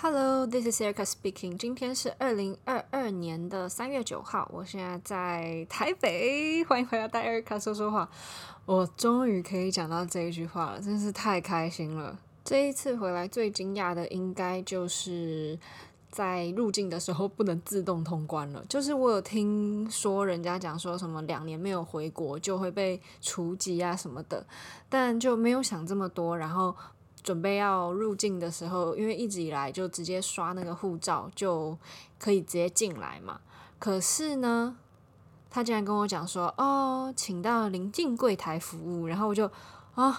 Hello, this is Erica speaking. 今天是二零二二年的三月九號，我現在在台北，歡迎回來，帶 Erica 說說話。我終於可以講到這一句話了，真是太開心了。這一次回來最驚訝的應該就是在入境的時候不能自動通關了。就是我有聽說人家講說什麼兩年沒有回國就會被除籍啊什麼的，但就沒有想這麼多。然後。準備要入境的時候，因為一直以來就直接刷那個護照就可以直接進來嘛。可是呢，他竟然跟我講說：“哦，請到臨近櫃檯服務。”然後我就啊。哦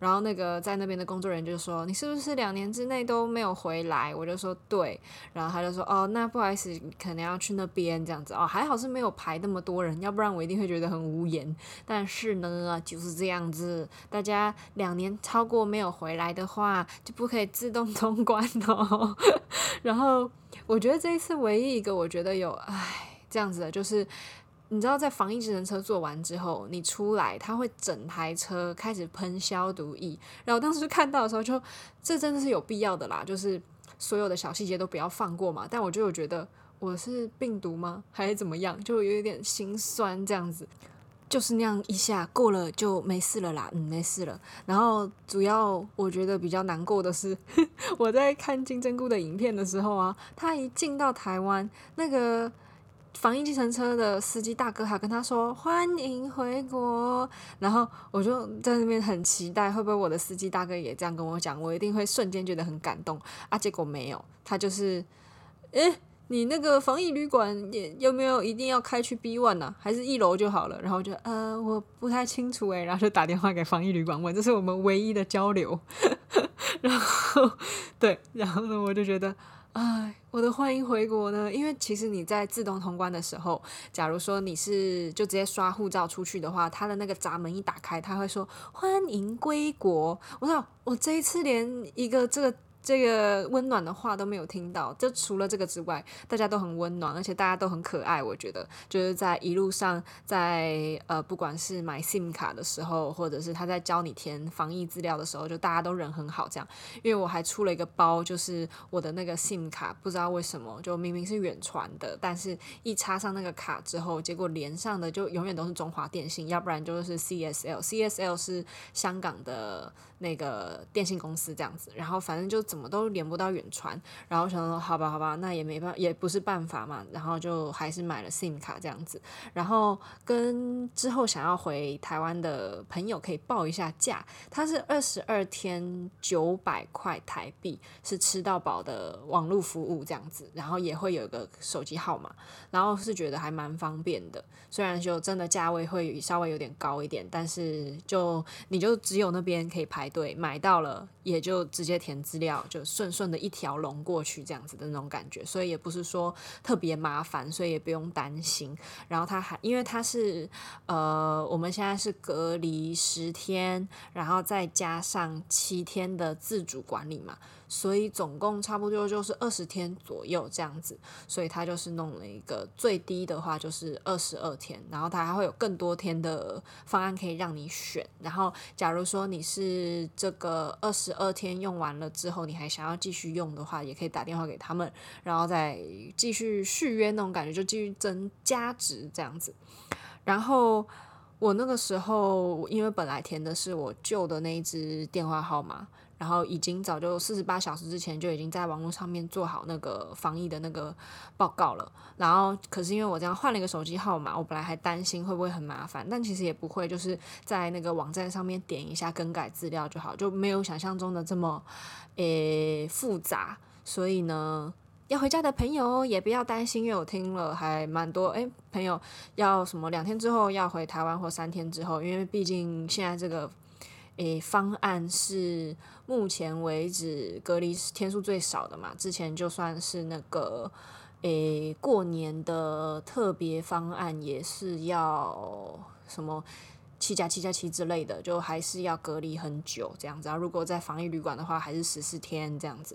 然後那個在那邊的工作人員就說：“你是不是兩年之內都沒有回來？”我就說：“對。”然後他就說：“哦，那不好意思，可能要去那邊這樣子哦，還好是沒有排那麼多人，要不然我一定會覺得很無言。但是呢，就是這樣子，大家兩年超過沒有回來的話，就不可以自動通關哦。 然後我覺得這一次唯一一個我覺得有唉這樣子的就是。”你知道，在防疫智能車做完之後，你出來，它會整台車開始噴消毒液。然後我當時就看到的時候就，就這真的是有必要的啦，就是所有的小細節都不要放過嘛。但我就有覺得，我是病毒嗎？還是怎麼樣？就有一點心酸這樣子。就是那樣一下過了就沒事了啦，嗯，沒事了。然後主要我覺得比較難過的是， 我在看金針菇的影片的時候啊，他一進到台灣那個。防疫計程車的司機大哥還跟他說歡迎回國，然後我就在那邊很期待，會不會我的司機大哥也這樣跟我講，我一定會瞬間覺得很感動啊？結果沒有，他就是，誒、欸，你那個防疫旅館也有沒有一定要開去 B one 呢、啊？還是一樓就好了？然後我就呃我不太清楚誒、欸。然後就打電話給防疫旅館問，這是我們唯一的交流， 然後對，然後呢我就覺得。哎，我的歡迎回國呢！因為其實你在自動通關的時候，假如說你是就直接刷護照出去的話，他的那個閘門一打開，他會說歡迎歸國。我知道我這一次連一個這個。這個溫暖的話都沒有聽到，就除了這個之外，大家都很溫暖，而且大家都很可愛。我覺得就是在一路上，在呃，不管是買 SIM 卡的時候，或者是他在教你填防疫資料的時候，就大家都人很好這樣。因為我還出了一個包，就是我的那個 SIM 卡，不知道為什麼就明明是遠傳的，但是一插上那個卡之後，結果連上的就永遠都是中華電信，要不然就是 CSL，CSL 是香港的那個電信公司這樣子。然後反正就。怎麼都連不到遠傳，然後想說好吧好吧，那也沒辦法也不是辦法嘛，然後就還是買了 SIM 卡這樣子，然後跟之後想要回台灣的朋友可以報一下價，它是二十二天九百塊台幣，是吃到飽的網絡服務這樣子，然後也會有一個手機號碼，然後是覺得還蠻方便的，雖然就真的價位會稍微有點高一點，但是就你就只有那邊可以排隊買到了，也就直接填資料。就順順的一條龍過去這樣子的那種感覺，所以也不是說特別麻煩，所以也不用擔心。然後他還因為他是呃，我們現在是隔離十天，然後再加上七天的自主管理嘛。所以總共差不多就是二十天左右這樣子，所以他就是弄了一個最低的話就是二十二天，然後他還會有更多天的方案可以讓你選。然後假如說你是這個二十二天用完了之後，你還想要繼續用的話，也可以打電話給他們，然後再繼續續約，那種感覺就繼續增加值這樣子。然後我那個時候因為本來填的是我舊的那一支電話號碼。然後已經早就四十八小時之前就已經在網絡上面做好那個防疫的那個報告了。然後，可是因為我這樣換了一個手機號碼，我本來還擔心會不會很麻煩，但其實也不會，就是在那個網站上面點一下更改資料就好，就沒有想象中的這麼誒複雜。所以呢，要回家的朋友也不要擔心，因為我聽了還蠻多誒，朋友要什麼兩天之後要回台灣或三天之後，因為畢竟現在這個。誒、欸，方案是目前為止隔離天數最少的嘛，之前就算是那個誒、欸、過年的特別方案，也是要什麼七加七加七之類的，就還是要隔離很久這樣子。啊。然後如果在防疫旅館的話，還是十四天這樣子。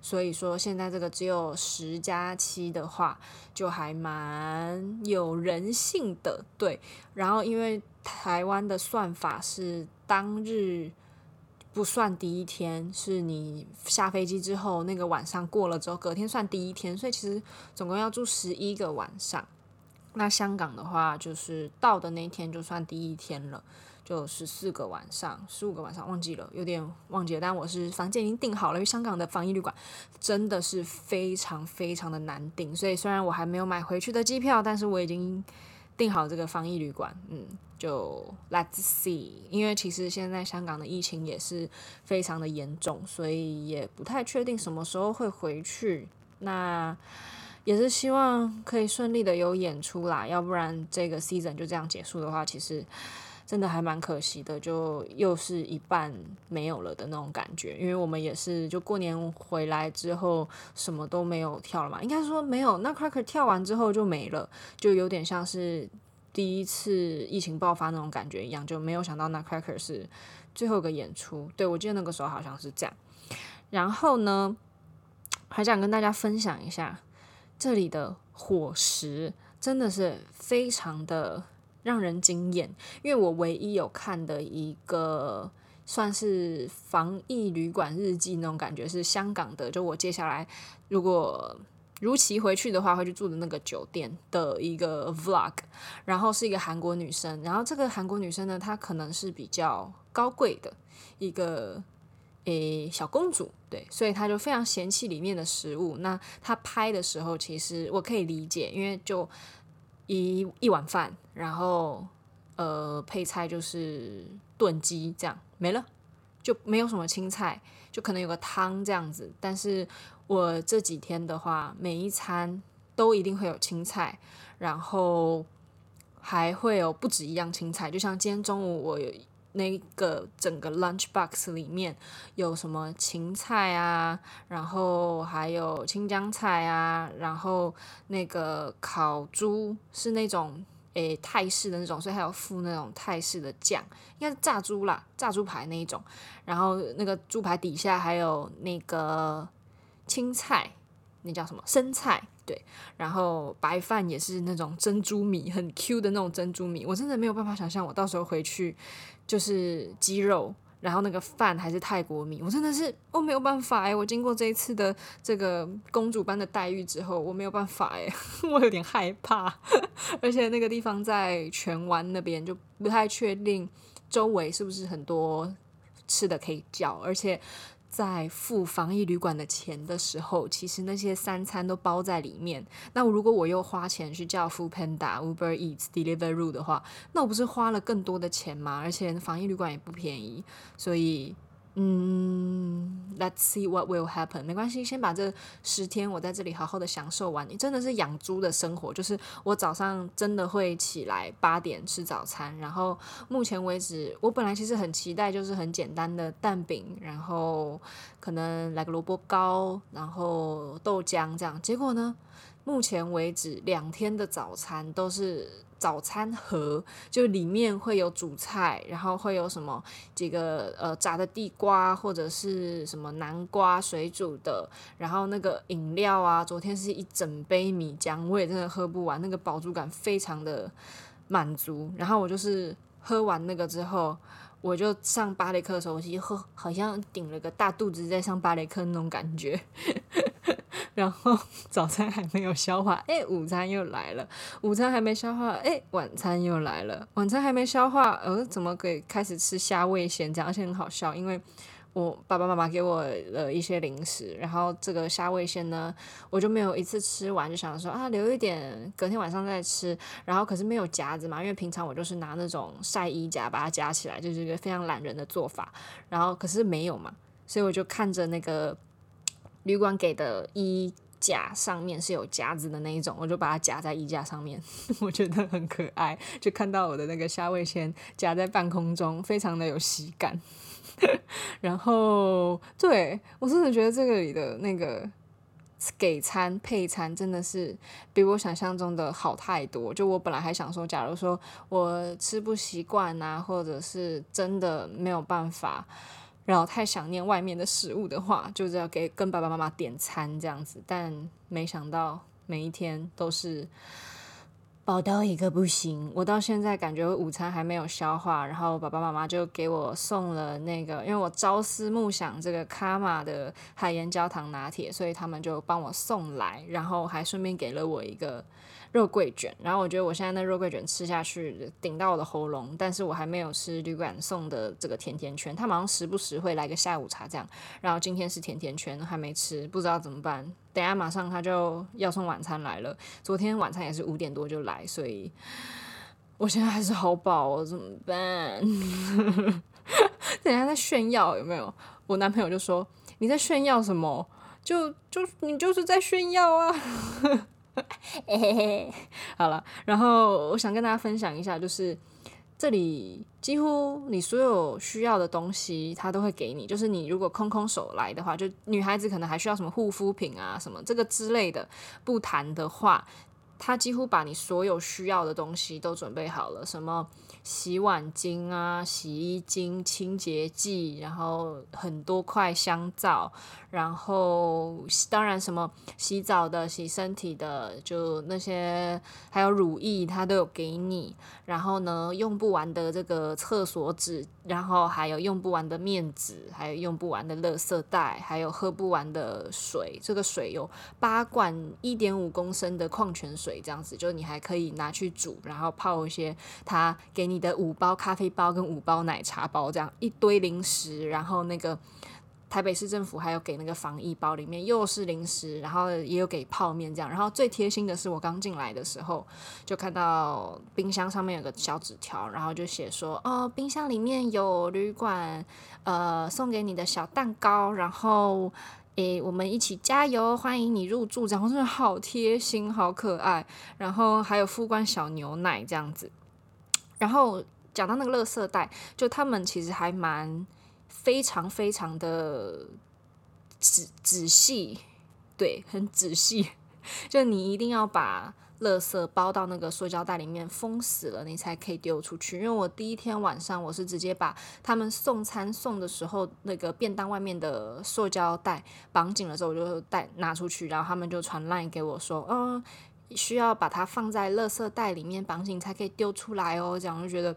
所以說現在這個只有十加七的話，就還蠻有人性的，對。然後因為。台灣的算法是當日不算第一天，是你下飛機之後那個晚上過了之後，隔天算第一天，所以其實總共要住十一個晚上。那香港的話，就是到的那天就算第一天了，就十四個晚上、十五個晚上，忘記了，有點忘記了。但我是房間已經訂好了，因為香港的防疫旅館真的是非常非常的難訂，所以雖然我還沒有買回去的機票，但是我已經。定好這個防疫旅館，嗯，就 Let's see，因為其實現在香港的疫情也是非常的嚴重，所以也不太確定什麼時候會回去。那也是希望可以順利的有演出啦，要不然這個 season 就這樣結束的話，其實。真的還蠻可惜的，就又是一半沒有了的那種感覺。因為我們也是就過年回來之後什麼都沒有跳了嘛，應該說沒有。那 Cracker 跳完之後就沒了，就有點像是第一次疫情爆發那種感覺一樣，就沒有想到那 Cracker 是最後一個演出。對，我記得那個時候好像是這樣。然後呢，還想跟大家分享一下這裡的夥食，真的是非常的。讓人驚豔，因為我唯一有看的一個算是防疫旅館日記那種感覺是香港的，就我接下來如果如期回去的話，會去住的那個酒店的一個 vlog，然後是一個韓國女生，然後這個韓國女生呢，她可能是比較高貴的一個誒小公主，對，所以她就非常嫌棄裡面的食物。那她拍的時候，其實我可以理解，因為就。一一碗飯，然後呃配菜就是燉雞，這樣沒了，就沒有什麼青菜，就可能有個湯這樣子。但是我這幾天的話，每一餐都一定會有青菜，然後還會有不止一樣青菜，就像今天中午我有那個整個 lunch box 裡面有什麼芹菜啊，然後還有青江菜啊，然後那個烤豬是那種誒、欸、泰式的那種，所以還有附那種泰式的醬，應該是炸豬啦，炸豬排那一種，然後那個豬排底下還有那個青菜，那叫什麼生菜？對，然後白飯也是那種珍珠米，很 Q 的那種珍珠米。我真的沒有辦法想象，我到時候回去就是雞肉，然後那個飯還是泰國米。我真的是，我沒有辦法誒，我經過這一次的這個公主般的待遇之後，我沒有辦法誒，我有點害怕。 而且那個地方在荃灣那邊，就不太確定周圍是不是很多吃的可以叫，而且。在付防疫旅館的錢的時候，其實那些三餐都包在裡面。那如果我又花錢去叫 Foodpanda、Uber Eats、Deliveroo 的話，那我不是花了更多的錢嗎？而且防疫旅館也不便宜，所以。嗯，Let's see what will happen。沒關係，先把這十天我在這裡好好的享受完。你真的是養豬的生活，就是我早上真的會起來八點吃早餐，然後目前為止，我本來其實很期待，就是很簡單的蛋餅，然後可能來個蘿蔔糕，然後豆漿這樣。結果呢，目前為止兩天的早餐都是。早餐盒就裡面會有主菜，然後會有什麼幾個呃炸的地瓜或者是什麼南瓜水煮的，然後那個飲料啊，昨天是一整杯米漿，我也真的喝不完，那個飽足感非常的滿足。然後我就是喝完那個之後，我就上芭蕾課的時候，我就喝好像頂了個大肚子在上芭蕾課那種感覺。 然後早餐還沒有消化，哎，午餐又來了。午餐還沒消化，哎，晚餐又來了。晚餐還沒消化，呃，怎麼可以開始吃蝦味先？這樣，而且很好笑，因為我爸爸媽媽給我了一些零食，然後這個蝦味先呢，我就沒有一次吃完，就想說啊，留一點，隔天晚上再吃。然後可是沒有夾子嘛，因為平常我就是拿那種曬衣夾把它夾起來，就是一個非常懶人的做法。然後可是沒有嘛，所以我就看着那個。旅館給的衣架上面是有夾子的那一種，我就把它夾在衣架上面，我覺得很可愛。就看到我的那個蝦味先夾在半空中，非常的有喜感。 然後，對，我真的覺得這個裡的那個給餐配餐真的是比我想象中的好太多。就我本來還想說，假如說我吃不習慣啊，或者是真的沒有辦法。然後太想念外面的食物的話，就是要給跟爸爸媽媽點餐這樣子，但沒想到每一天都是飽到一個不行。我到現在感覺午餐還沒有消化，然後爸爸媽媽就給我送了那個，因為我朝思暮想這個卡瑪的海鹽焦糖拿鐵，所以他們就幫我送來，然後還順便給了我一個。肉桂卷，然後我覺得我現在那肉桂卷吃下去頂到我的喉嚨，但是我還沒有吃旅館送的這個甜甜圈，他馬上時不時會來個下午茶這樣，然後今天是甜甜圈還沒吃，不知道怎麼辦。等一下馬上他就要送晚餐來了，昨天晚餐也是五點多就來，所以我現在還是好飽哦，怎麼辦？ 等一下在炫耀有沒有？我男朋友就說你在炫耀什麼？就就你就是在炫耀啊。 欸、嘿嘿好了，然後我想跟大家分享一下，就是這裡幾乎你所有需要的東西，他都會給你。就是你如果空空手來的話，就女孩子可能還需要什麼護膚品啊、什麼這個之類的，不談的話。他幾乎把你所有需要的東西都準備好了，什麼洗碗精啊、洗衣精、清潔劑，然後很多塊香皂，然後當然什麼洗澡的、洗身體的，就那些還有乳液，他都有給你。然後呢，用不完的這個廁所紙，然後還有用不完的面紙，還有用不完的垃圾袋，還有喝不完的水。這個水有八罐一點五公升的礦泉水。這樣子，就是你還可以拿去煮，然後泡一些他給你的五包咖啡包跟五包奶茶包，這樣一堆零食，然後那個台北市政府還有給那個防疫包裡面又是零食，然後也有給泡麵這樣，然後最貼心的是我剛進來的時候就看到冰箱上面有個小紙條，然後就寫說哦，冰箱裡面有旅館呃送給你的小蛋糕，然後。我們一起加油！歡迎你入住，然後真的好貼心，好可愛。然後還有副官小牛奶這樣子。然後講到那個樂色袋，就他們其實還蠻非常非常的仔仔細，對，很仔細。就你一定要把。垃圾包到那個塑膠袋裡面封死了，你才可以丟出去。因為我第一天晚上，我是直接把他們送餐送的時候那個便當外面的塑膠袋綁緊了之後，我就帶拿出去，然後他們就傳 line 給我說，嗯，需要把它放在垃圾袋裡面綁緊才可以丟出來哦。這樣就覺得。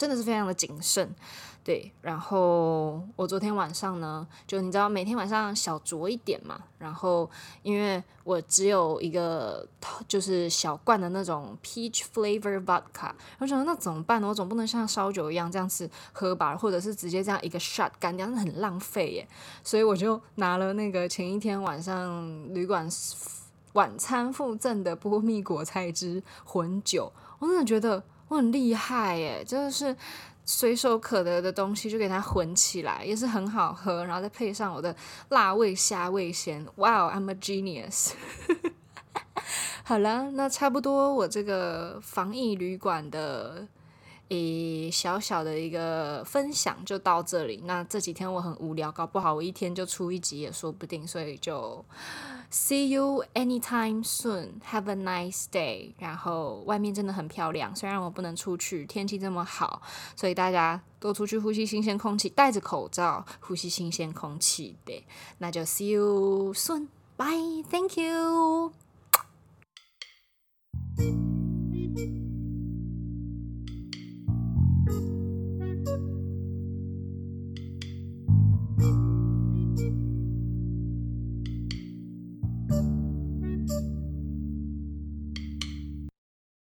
真的是非常的謹慎，對。然後我昨天晚上呢，就你知道每天晚上小酌一點嘛。然後因為我只有一個就是小罐的那種 peach flavor vodka，我想說那怎麼辦呢？我總不能像燒酒一樣這樣子喝吧，或者是直接這樣一個 shot 乾掉，那很浪費耶。所以我就拿了那個前一天晚上旅館晚餐附贈的波蜜果菜汁混酒，我真的覺得。我很厲害耶，真、就、的是隨手可得的東西就給它混起來，也是很好喝，然後再配上我的辣味蝦味先，哇、wow，I'm a genius。 好了，那差不多，我這個防疫旅館的。誒，小小的一個分享就到這裡。那這幾天我很無聊，搞不好我一天就出一集也說不定，所以就 see you anytime soon. Have a nice day. 然後外面真的很漂亮，雖然我不能出去，天氣這麼好，所以大家都出去呼吸新鮮空氣，戴着口罩呼吸新鮮空氣。對，那就 see you soon. Bye. Thank you.